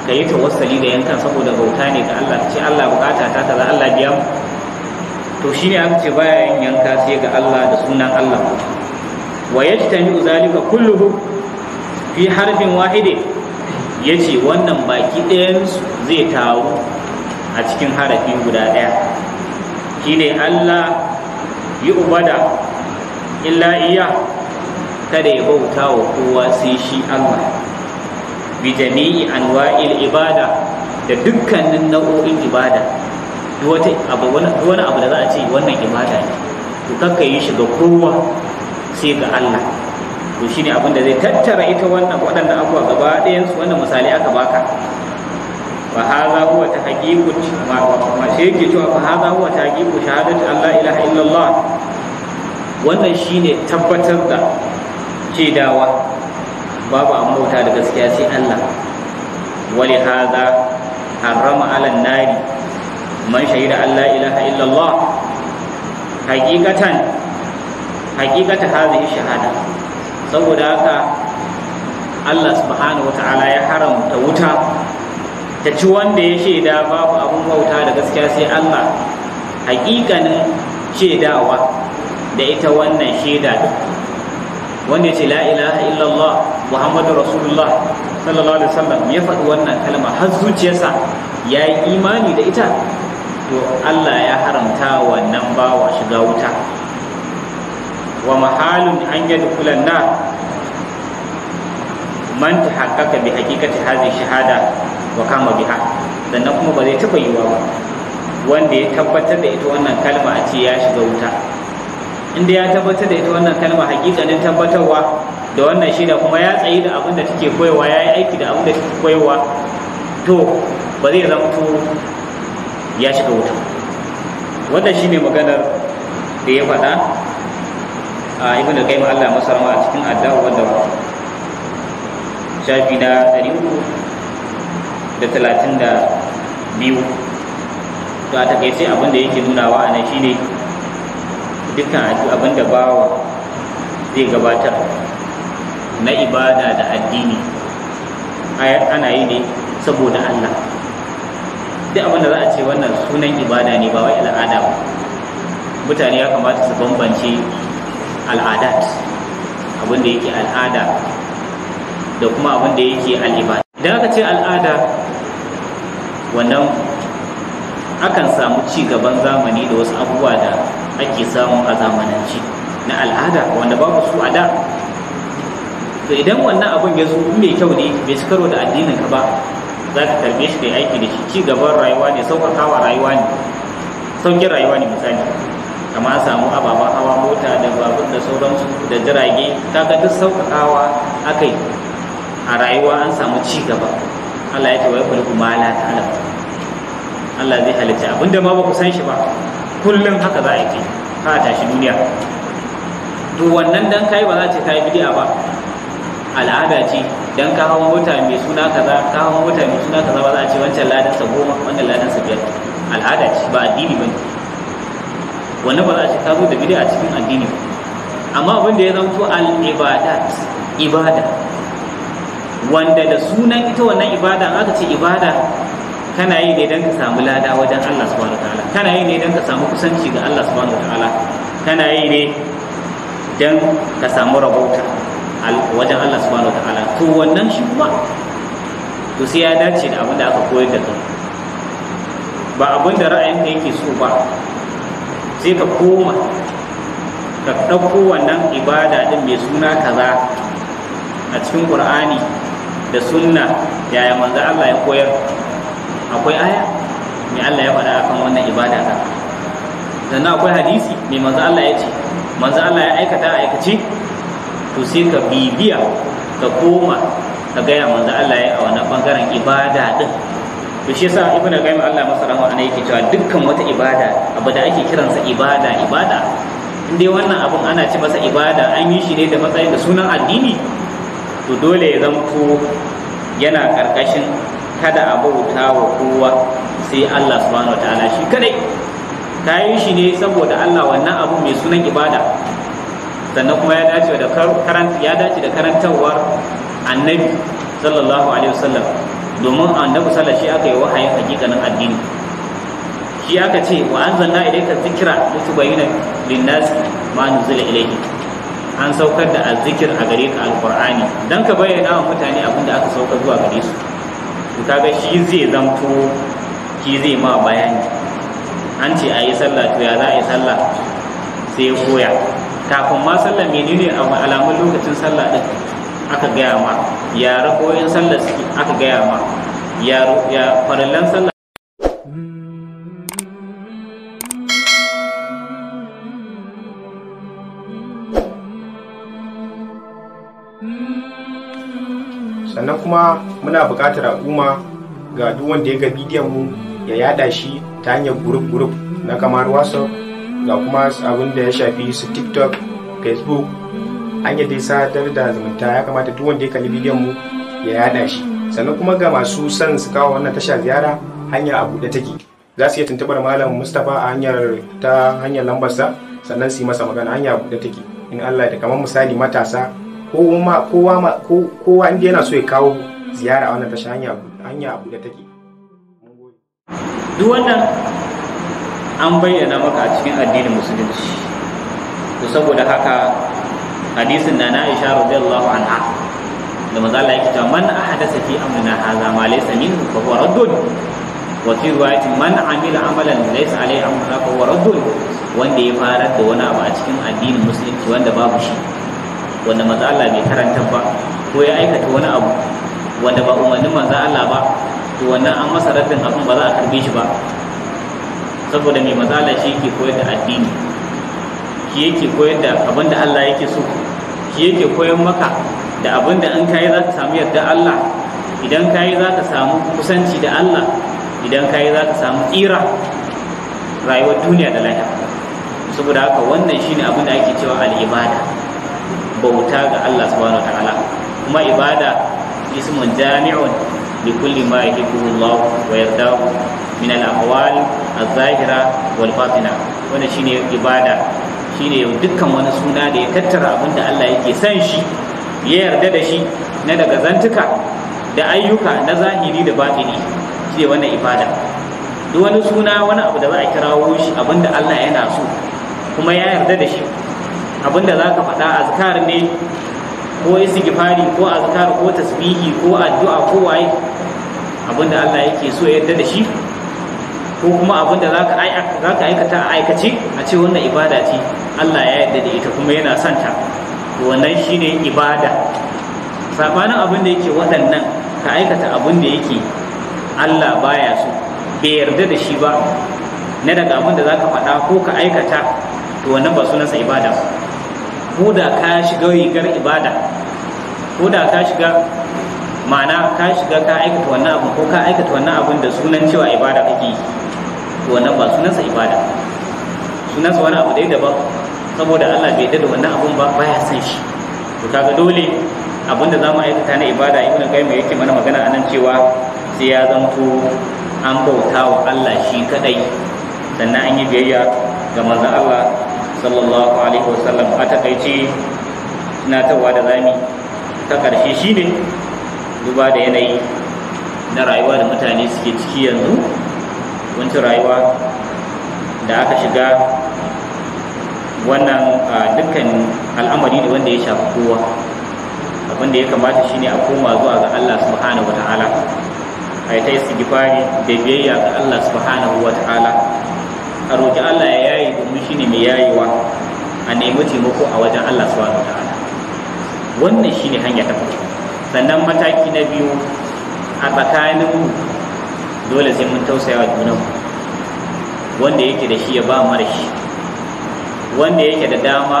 ka yi tawassuli da yanka saboda bauta ne ga Allah ce Allah bukata ta kaza Allah biya mu to shine aka ce yin yanka sai ga Allah da sunan Allah wa yajtani zalika kulluhu fi harfin wahide yace wannan baki ɗayan zai taru a cikin harafi guda ɗaya shine Allah yi ubada illa iya kada ya bauta wa kowa sai shi Allah bi jami'i anwa'il ibada da dukkanin nau'o'in ibada wani abu da za a ce wannan ibada ne to kanka yi shi ga kowa sai ga Allah to shine abin da zai tattara ita wannan waɗannan abubuwa gaba ɗayan su wannan misali aka baka fa hadha huwa tahqiqu ma sai yake cewa fa hadha huwa tahqiqu shahadatu an la ilaha illallah wannan shine tabbatar da shaidawa babu an bauta da gaskiya sai Allah wali haza harama ala nari man shahida an la ilaha illallah haqiqatan haqiqata hadhihi shahada saboda haka Allah subhanahu wata'ala ya haramta wuta ta ci wanda ya shaida babu abun bauta da gaskiya sai Allah hakikanin shaidawa da ita wannan shaida wanda ya ce la ilaha illallah muhammadu rasulullah sallallahu alaihi wasallam ya faɗi wannan kalma har zuciyarsa ya yi imani da ita to Allah ya haramta wannan bawa shiga wuta wa mahalun an yadkhulan na man tahaqqaqa bi hakikati hadhihi shahada wa kama biha sannan kuma ba zai taɓa yiwa ba wanda ya tabbatar da ita wannan kalma a ce ya shiga wuta inda ya tabbatar da ita wannan kalma hakikanin tabbatarwa da wannan shi da kuma ya tsayi da abin da take koyarwa ya yi aiki da abin da take koyarwa to ba zai zamto ya shiga wuta wannan ne maganar da ya faɗa a ibn da kai Allah masar rahma a cikin addu'a wanda shafi na 332 to a takaice abin da yake nunawa a shi ne. dukkan abin da bawa zai gabatar na ibada da addini ana yi ne saboda Allah duk abin da za a ce wannan sunan ibada ne ba wai al'ada ba mutane ya kamata su bambance al'adat abin da yake al'ada da kuma abin da yake al'ibada idan aka ce al'ada wannan akan samu ci gaban zamani da wasu abubuwa da ake samu a zamanance na al'ada wanda babu su a da to idan wannan abun ya zo mai kyau ne bai ci karo da addinin ka ba za ka karbe shi kai aiki da shi ci gaban rayuwa ne sauƙaƙawa rayuwa ne sauƙin rayuwa ne misali kama an samu ababen hawa mota da babur da sauransu da jirage ga duk sauƙaƙawa yi a rayuwa an samu ci gaba Allah ya ce wa ya kulku ma la ta'ala. Allah zai halitta abinda ma ba ku san shi ba kullum haka za a yi ka tashi duniya to wannan dan kai ba za ta kai bid'a ba al'ada ce dan ka hawo mota mai suna kaza ka hawo mota mai suna kaza ba za a ce wancan ladan sa goma wannan ladan sa biyar al'ada ce ba addini ba wannan ba za a ce ka zo da bid'a cikin addini amma abin da ya zanto al-ibadat ibada wanda da sunan ita wannan ibada aka ce ibada kana yi ne don ka samu lada wajen Allah subhanahu wataala kana yi ne don ka samu kusanci ga Allah subhanahu wataala kana yi ne don ka samu rabauta wajen Allah subhanahu wataala to wannan shi kuma to sai ya dace da abin da aka koyar da kai ba abin da ra'ayin da yake so ba sai ka koma ka ɗauko wannan ibada ɗin mai suna kaza a cikin ƙur'ani da sunna yaya manzo Allah ya koyar akwai aya mai Allah ya faɗa akan wannan ibada ta sannan akwai hadisi mai manzo Allah ya ce manzo Allah ya aikata aikace to sai ka bibiya ka koma ka gaya manzo Allah ya a wannan bangaren ibada din to shi yasa ibn qayyim Allah masa rahama ana yake cewa dukkan wata ibada abu da ake kiransa ibada ibada in dai wannan abun ana ci masa ibada an yi shi ne da matsayin da sunan addini to dole ya zamto yana karkashin kada a bauta wa kowa sai Allah subhanahu wataala shi kadai ta yi shi ne saboda Allah wannan abu mai sunan ibada sannan kuma ya dace da ya dace da karantawar annabi sallallahu alaihi wasallam domin annabi sallallahu shi aka yi wahayin hakikanin addini shi aka ce wa anzalna ilayka dhikra litubayyana linnasi ma nuzila ilayhi an saukar da azzikir a gare ka alqur'ani dan ka bayyana wa mutane abin da aka sauka zuwa gare su to kaga shi zai zanto shi zai ma bayani an ce a yi sallah to ya za a yi sallah sai ya koya kafin ma sallah menene alamun lokacin sallah din aka gaya ma ya rakoyin sallah aka gaya ma ya farallan sallah sannan kuma muna buƙatar al'umma ga duk wanda ya ga bidiyon mu ya yada shi ta hanyar gurup gurup na kamar wasu ga kuma abin da ya shafi su tiktok facebook hanyar dai sadar da zumunta ya kamata duk wanda ya kalli bidiyon mu ya yada shi sannan kuma ga masu son su kawo wannan tasha ziyara hanya a buɗe take za su iya tuntubar malam mustapha a hanyar ta hanyar lambarsa sannan su yi masa magana hanya a buɗe take in allah da kamar misali matasa kowa inda yana so ya kawo ziyara a wannan tashi hanya abu da take duk wannan an bayyana maka a cikin addinin musulunci to saboda haka hadisin na na isha radiyallahu anha da maza Allah yake cewa man ahdatha fi amrina hadha ma laysa minhu fa huwa raddun wa fi riwayatin man amila amalan laysa alayhi amruna fa huwa raddun wanda ya fara da wani abu a cikin addinin musulunci wanda babu shi wanda manzo Allah bai karanta ba ko ya aikata wani abu wanda ba umarnin manzo Allah ba to wannan an masa raddin abin ba za a karbe shi ba saboda mai manzo Allah shi yake koyar da addini shi yake koyar da abin da Allah yake so shi yake koyar maka da abin da in kai za ka samu yarda Allah idan kai za ka samu kusanci da Allah idan kai za ka samu tsira rayuwar duniya da lahira saboda haka wannan shine abin da ake cewa al-ibada bauta ga Allah subhanahu ta'ala kuma ibada ismun jami'un li kulli ma yuhibbu Allah wa yardahu min al-aqwal az-zahira wal batina wanda shine ibada shine dukkan wani suna da ya tattara abinda Allah yake san shi ya yarda da shi na daga zantuka da ayyuka na zahiri da batini shi wannan ibada duk wani suna wani abu da za a kirawo shi abinda Allah yana so kuma ya yarda da shi abinda za ka faɗa azkar ne ko istighfari ko azkar ko tasbihi ko addu'a ko waye abinda Allah yake so ya yarda da shi ko kuma abinda za ka aikata a aikace a ce wannan ibada ce Allah ya yarda da ita kuma yana son ta wannan shine ibada sabanin abin da yake waɗannan ka aikata abin da yake Allah baya so bai yarda da shi ba na daga abin da za ka faɗa ko ka aikata to wannan ba sunansa ibada ba ko da ka shiga rigar ibada ko da ka shiga ma'ana ka shiga ka aikata wannan abin ko ka aikata wannan abin da sunan cewa ibada kake yi to wannan ba sunansa ibada sunansa wani abu dai daban saboda Allah bai yarda da wannan abun ba baya san shi to kaga dole abin da zamu aikata na ibada ibnu qayyim yake mana magana anan cewa sai ya zanto an bauta wa Allah shi kadai sannan an yi biyayya ga manzon Allah sallallahu alaihi wasallam a takaice tawa da zami ta ƙarshe shine duba da yanayi na rayuwa da mutane suke ciki yanzu Wancan rayuwa da aka shiga wannan dukkan al'amari ne wanda ya shafi kowa abin da ya kamata shine a koma zuwa ga Allah subhanahu wa ta'ala a yi ta da biyayya ga Allah subhanahu wa ta'ala ka roƙi Allah ya yayi domin shine mai yayewa a nemi taimako a wajen Allah subhanahu ta'ala wannan shine hanya ta farko sannan mataki na biyu a tsakanin dole sai mun tausaya wa wanda yake da shi ya ba mara shi wanda yake da dama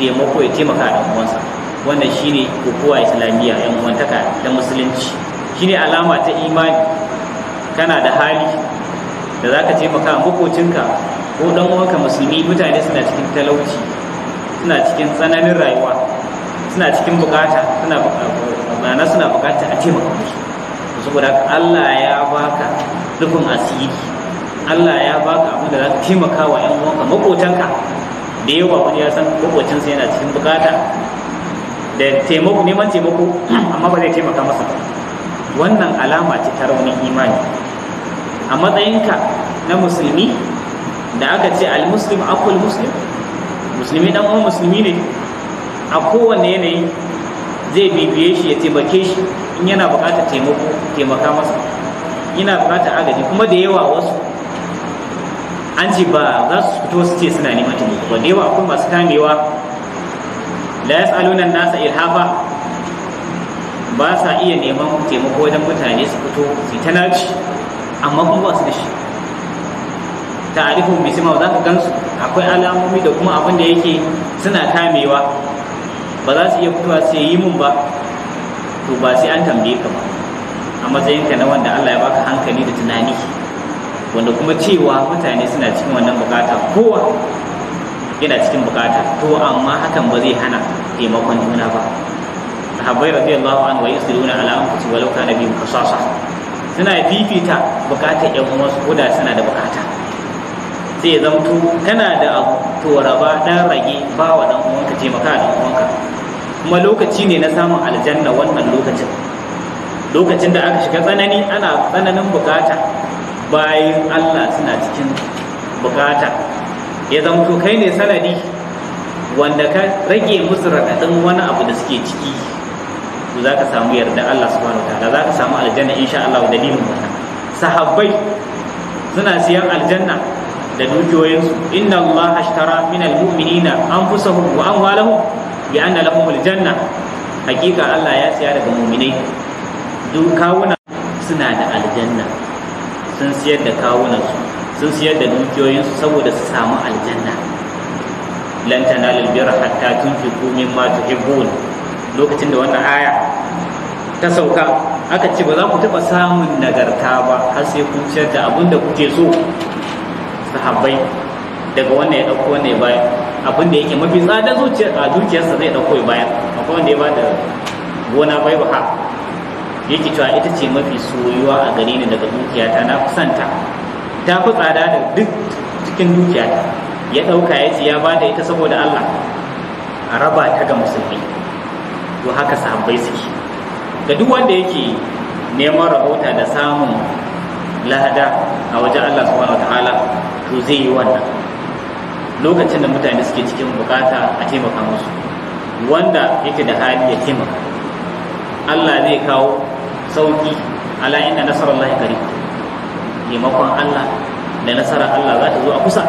taimako ya taimaka da uwansa wannan shine kokowa islamiyya yan uwantaka da musulunci shine alama ta imani kana da hali da za ka taimaka a makocinka ko ɗan uwanka musulmi mutane suna cikin talauci suna cikin tsananin rayuwa suna cikin bukata suna bukata suna bukata a taimaka musu saboda haka Allah ya baka rufin asiri Allah ya baka abin da za ka taimaka wa ƴan uwanka makotanka da yawa wani ya san makocinsa yana cikin bukata da taimako neman taimako amma ba zai taimaka masa wannan alama ce ta raunin imani a matsayinka na musulmi da aka ce al-muslim akwai muslim musulmi dan uwan musulmi ne a kowane yanayi zai bibiye shi ya taimake shi in yana bukata taimako taimaka masa yana bukata agaji kuma da yawa wasu an ce ba za su fito su ce suna neman taimako ba da yawa akwai masu kamewa la yas'aluna nasa ilhafa ba sa iya neman taimako wajen mutane su fito su ta naci amma kuma ba su da shi ta'arifin bisima za ka gansu akwai alamomi da kuma abin da yake suna kamewa ba za su iya fitowa su yi mun ba to ba sai an tambaye ka ba a matsayinka na wanda Allah ya baka hankali da tunani wanda kuma cewa mutane suna cikin wannan bukata kowa yana cikin bukata to amma hakan ba zai hana taimakon juna ba sahabbai radiyallahu anhu wa yusiruna ala anfusihim walau kana bihim khasasa suna fifita bukatar yan uwansu ko da suna da bukata sai ya zamto kana da abu to raba dan rage ba wa dan uwanka taimaka dan uwanka kuma lokaci ne na samun aljanna wannan lokacin lokacin da aka shiga tsanani ana tsananin bukata bayan Allah suna cikin bukata ya zamto kai ne sanadi wanda ka rage musu raɗaɗin wani abu da suke ciki to zaka samu yarda Allah subhanahu wataala zaka samu aljanna insha Allah da dalilin wannan sahabbai suna siyan aljanna da dukiyoyinsu inna Allah ashtara min almu'minina anfusahum wa amwalahum bi anna lahum aljanna hakika Allah ya siya daga mu'minai kawuna suna da aljanna sun siyar da kawunan su. sun siyar da su saboda su samu aljanna lan tanalul birra hatta tunfiqu mimma tuhibbun lokacin da wannan aya ta sauka aka ce ba za ku taɓa samun nagarta ba har sai kun ciyar da abin da kuke so sahabbai daga wannan ya ɗauko wannan ya bayar abin da yake mafi tsada zuciyar a dukiyarsa zai ɗauko ya bayar akwai wanda ya bada gona bai ba yake cewa ita ce mafi soyuwa a gare ni daga dukiyata na kusanta ta fi tsada da duk cikin dukiyata ya ɗauka ya ce ya bada ita saboda Allah a raba ta ga musulmi to haka sahabbai suke ga duk wanda yake neman rahota da samun lahada a wajen Allah subhanahu wataala to zai yi wannan lokacin da mutane suke cikin bukata a taimaka musu wanda yake da hali ya taimaka Allah zai kawo sauki ala inna nasarallahi qarib taimakon Allah da nasarar Allah za ta zo a kusa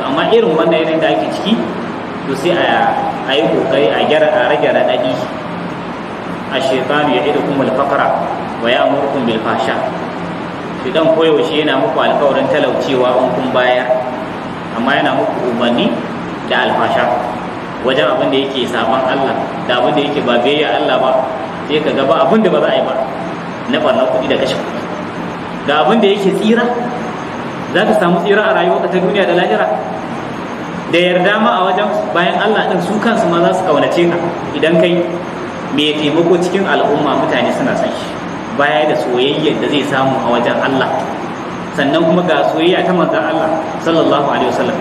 to amma irin wannan yanayin da ake ciki to sai a a yi kokari a rage raɗaɗi a shekaru ya idu kuma alfakara wa ya amurkun bil fasha shidan koyaushe yana muku alkawarin talaucewa in kun bayar amma yana muku umarni da alfasha wajen abin da yake saban Allah da abin da yake ba biyayya Allah ba sai ka gaba abin da ba za a yi ba na ɓarnar kuɗi da kashe kuɗi ga abin da yake tsira za ka samu tsira a rayuwa ta duniya da lahira da yarda ma a wajen bayan Allah ɗin su kansu ma za su ƙaunace ka idan kai mai taimako cikin al'umma mutane suna son shi baya da soyayyar da zai samu a wajen Allah sannan kuma ga soyayya ta manzan Allah sallallahu alaihi wasallam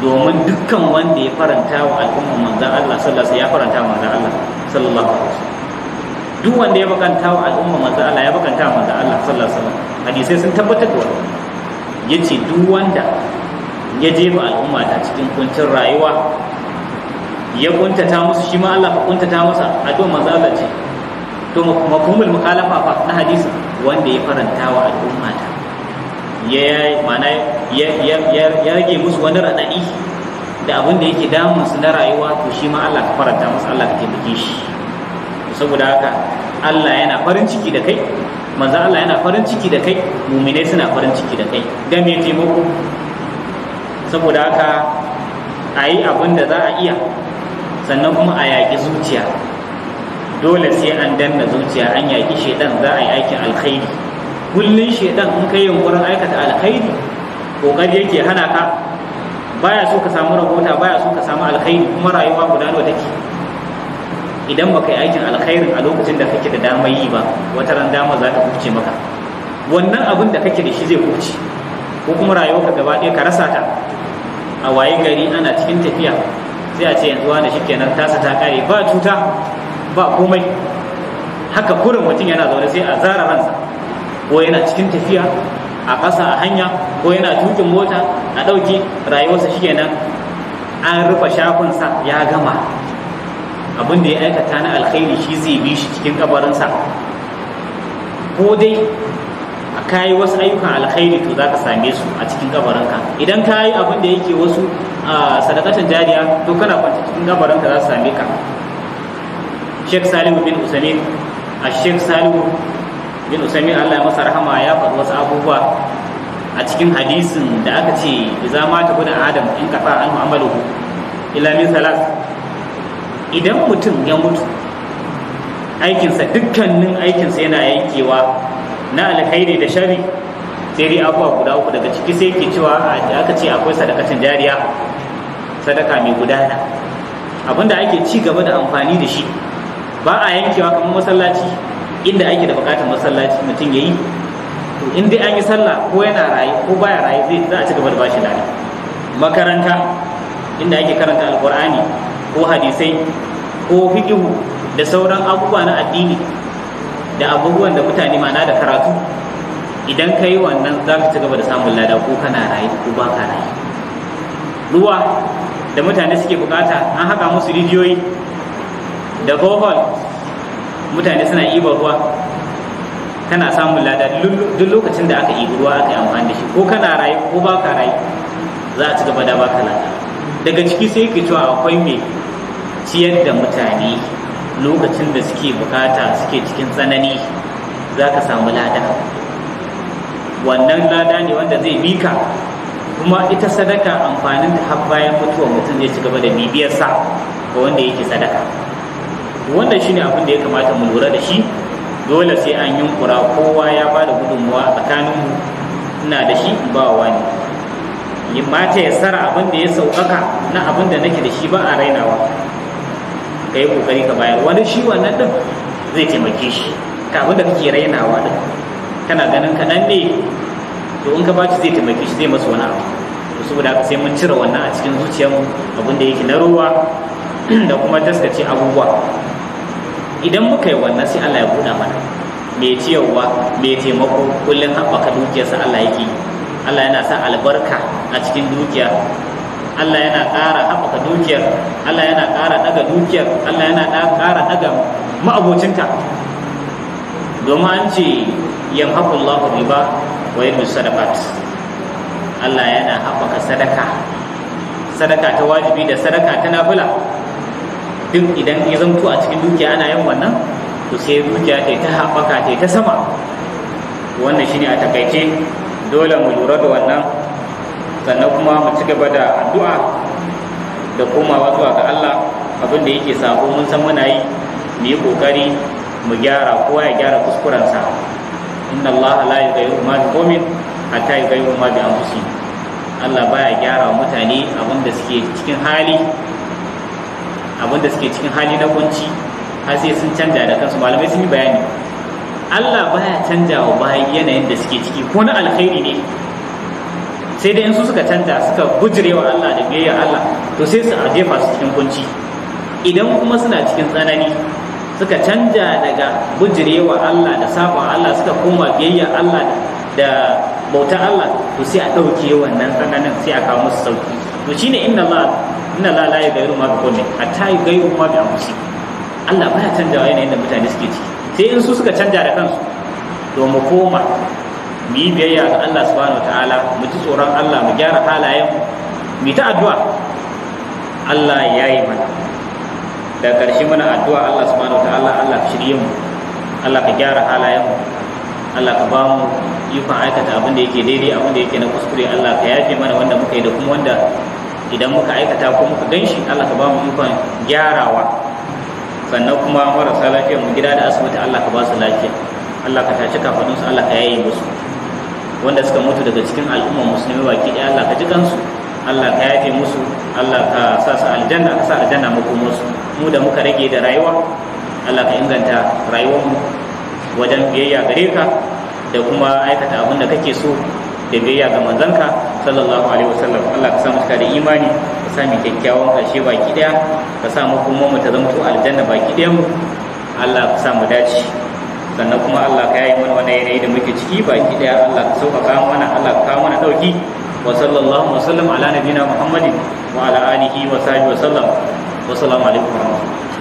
domin dukkan wanda ya faranta wa al'umma manzan Allah sallallahu alaihi ya faranta manzan Allah sallallahu alaihi wasallam duk wanda ya bakanta wa al'umma manzan Allah ya bakanta manzan Allah sallallahu alaihi wasallam hadisai sun tabbatar da wannan yace duk wanda ya jefa al'umma ta cikin kuncin rayuwa ya kuntata musu shi ma Allah fa kuntata masa addu'a manzo Allah ce to mafhumul mukhalafa fa na hadisi wanda ya faranta wa al'umma ta ya mana ya ya ya rage musu wani radadi da abin da yake damun su na rayuwa to shi ma Allah ka faranta musu Allah ka taimake shi saboda haka Allah yana farin ciki da kai manzo Allah yana farin ciki da kai muminai suna farin ciki da kai ga me taimako saboda haka a yi abin da za a iya sannan kuma a yaƙi zuciya dole sai an danna zuciya an yaƙi shaidan za a yi aikin alkhairi kullum shaidan in ka yi yunkurin aikata alkhairi ƙoƙari yake hana ka baya so ka samu rahota baya so ka samu alkhairi kuma rayuwa guda nawa take idan baka yi aikin alkhairin a lokacin da kake da damar yi ba wata ran dama za ta kuce maka wannan abin da kake da shi zai kuce ko kuma rayuwarka gaba ɗaya ka rasa ta a waye gari ana cikin tafiya sai a ce yanzu wani shikenan tasa ta kare ba cuta ba komai haka kurin mutum yana zaune sai a zara ransa ko yana cikin tafiya a ƙasa a hanya ko yana tukin mota a ɗauki rayuwarsa shikenan an rufe shafinsa ya gama abin da ya aikata na alkhairi shi zai bi shi cikin kabarinsa ko dai ka yi wasu ayyukan alkhairi to za ka same su a cikin gabarinka idan ka yi abin da yake wasu sadakatan jariya to kana kwanta cikin gabarinka za su same ka Sheikh Salimu bin Usaimin a Sheikh Salihu bin Usaimin Allah ya masa rahama ya faɗi wasu abubuwa a cikin hadisin da aka ce ma ta gudan adam in kafa an amaluhu ila min salas idan mutum ya mutu aikinsa dukkanin aikinsa yana yankewa na alkhairi da shari sai dai abuwa guda uku daga ciki sai ke cewa aka ce akwai sadakacin jariya sadaka mai gudana abinda ake ci gaba da amfani da shi ba a yankewa kamar masallaci inda ake da bukatar masallaci mutum ya yi to in dai an yi sallah ko yana raye ko baya raye zai za a ci gaba da bashi lada makaranta inda ake karanta alkur'ani ko hadisai ko fiqhu da sauran abubuwa na addini da abubuwan da mutane mana da karatu idan ka yi wannan za ka ci gaba da samun lada ko kana rayu ko ba ka rayu ruwa da mutane suke bukata an haka musu rijiyoyi da bohol mutane suna iba ruwa kana samun lada duk lokacin da aka ibi ruwa aka yi amfani da shi ko kana rayu ko ba ka rayu za a ci gaba da ka lada daga ciki sai ka cewa akwai mai ciyar da mutane lokacin da suke bukata suke cikin tsanani za ka samu lada wannan lada ne wanda zai bika kuma ita sadaka amfanin da har bayan mutuwa mutum zai ci gaba da bibiyarsa ga wanda yake sadaka wannan shine abin da ya kamata mu lura da shi dole sai an yunkura kowa ya ba da gudunmuwa a tsakaninmu ina da shi ba wani mata ya sara abin da ya sauƙaƙa na abin da nake da shi ba a rainawa ka yi kokari ka bayar wani shi wannan din zai taimake shi ka abin da kake rainawa din kana ganin kaɗan ne to in ka baci zai taimake shi zai masa wani abu to saboda haka sai mun cire wannan a cikin zuciyarmu abin da yake na ruwa da kuma taskace abubuwa idan muka yi wannan sai Allah ya buɗa mana mai ciyarwa mai taimako kullum haɓaka dukiyarsa Allah yake Allah yana sa albarka a cikin dukiya Allah yana ƙara haɓaka dukiyar Allah yana ƙara daga dukiyar Allah yana ƙara daga ma'abocinta domin an ce yamhaqullahu riba wa yurbi sadaqat Allah yana haɓaka sadaka sadaka ta wajibi da sadaka ta nafila duk idan ya zamto a cikin dukiya ana yin wannan to sai dukiya ta ta haɓaka ta ta sama wannan shine a takaice dole mu lura da wannan sannan kuma mu ci gaba da addu'a da komawa zuwa ga Allah abin da yake sabo mun san muna yi mu yi kokari mu gyara kowa ya gyara kuskurensa inna Allah la yughayyiru ma bi qaumin hatta yughayyiru ma bi anfusihim Allah baya gyara wa mutane abin da suke cikin hali abin da suke cikin hali na kunci har sai sun canja da kansu malamai sun yi bayani Allah baya canja wa bayan yanayin da suke ciki ko na alkhairi ne sai dai in su suka canza suka bujirewa Allah da biyayyar Allah to sai su aje su cikin kunci idan kuma suna cikin tsanani suka canja daga bujirewa Allah da saba Allah suka koma biyayyar Allah da bautar Allah to sai a ɗauke wannan tsananin sai a kawo musu sauki to shine inna Allah inna Allah la yughayyiru ma biqawmin hatta yughayyiru ma bi anfusihim Allah baya canjawa yanayin da mutane suke ciki sai in su suka canja da kansu to mu koma mu yi biyayya ga Allah subhanahu ta'ala mu ci tsoron Allah mu gyara halayen mu yi ta addu'a Allah ya yi mana da ƙarshe mana addu'a Allah subhanahu ta'ala, Allah ka shirye mu Allah ka gyara halayen mu Allah ka ba mu ikon aikata abin da yake daidai abin da yake na kuskure Allah ka yafe mana wanda muka yi da kuma wanda idan muka aikata ko muka ganshi Allah ka ba mu ikon gyarawa sannan kuma marasa lafiya mu gida da asibiti Allah ka ba su lafiya Allah ka tashi kafaɗinsu Allah ka yaye musu wanda suka mutu daga cikin al'ummar musulmi baki ɗaya Allah ka ji kansu Allah ka yafe musu Allah ka sa su aljanna ka sa aljanna makomarsu mu da muka rage da rayuwa Allah ka inganta rayuwarmu wajen biyayya gare ka da kuma aikata abin da kake so da biyayya ga manzanka sallallahu alaihi wasallam Allah ka sa mu da imani ka sa mu kyakkyawan karshe baki ɗaya ka sa mu mu ta zama to aljanna baki ɗayan mu Allah ka sa mu dace sannan kuma Allah ka yi mana wani yanayi da muke ciki baki daya Allah ka sauƙaƙa mana Allah ka mana dauki wa sallallahu wa sallam ala nabiyina Muhammadin wa ala alihi wa sahbihi wa sallam wa assalamu alaikum wa rahmatullahi